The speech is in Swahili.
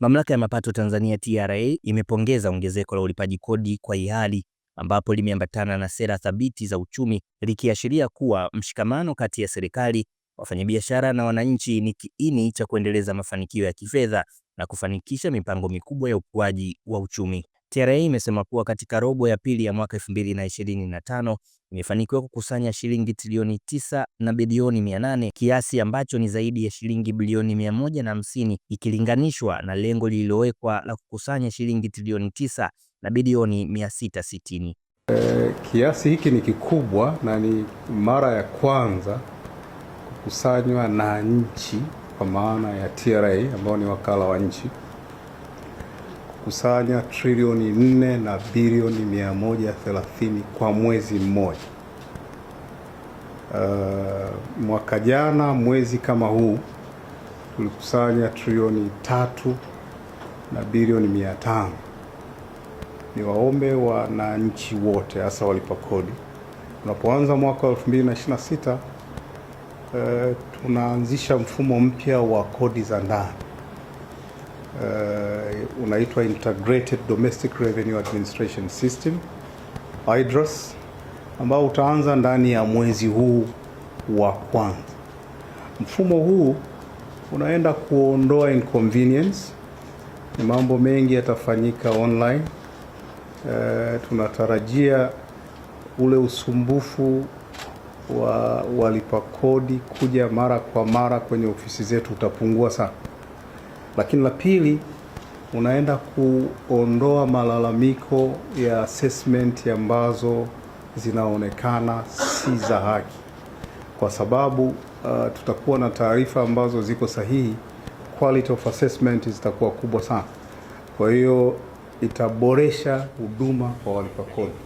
Mamlaka ya Mapato Tanzania TRA imepongeza ongezeko la ulipaji kodi kwa hiari ambapo limeambatana na sera thabiti za uchumi likiashiria kuwa mshikamano kati ya serikali, wafanyabiashara na wananchi ni kiini cha kuendeleza mafanikio ya kifedha na kufanikisha mipango mikubwa ya ukuaji wa uchumi. TRA imesema kuwa katika robo ya pili ya mwaka 2025 imefanikiwa kukusanya shilingi trilioni 9 na bilioni 800, kiasi ambacho ni zaidi ya shilingi bilioni 150 ikilinganishwa na lengo lililowekwa la kukusanya shilingi trilioni 9 na bilioni 660. E, eh, kiasi hiki ni kikubwa na ni mara ya kwanza kukusanywa na nchi kwa maana ya TRA ambao ni wakala wa nchi kukusanya trilioni 4 na bilioni 130 kwa mwezi mmoja. Uh, mwaka jana mwezi kama huu tulikusanya trilioni tatu na bilioni mia tano. Ni waombe wananchi wote hasa walipa kodi, unapoanza mwaka wa 2026 uh, tunaanzisha mfumo mpya wa kodi za ndani uh, unaitwa Integrated Domestic Revenue Administration System IDRAS ambao utaanza ndani ya mwezi huu wa kwanza. Mfumo huu unaenda kuondoa inconvenience, ni mambo mengi yatafanyika online. Uh, tunatarajia ule usumbufu wa walipa kodi kuja mara kwa mara kwenye ofisi zetu utapungua sana. Lakini la pili, unaenda kuondoa malalamiko ya assessment ambazo zinaonekana si za haki, kwa sababu uh, tutakuwa na taarifa ambazo ziko sahihi. Quality of assessment zitakuwa kubwa sana, kwa hiyo itaboresha huduma kwa walipa kodi.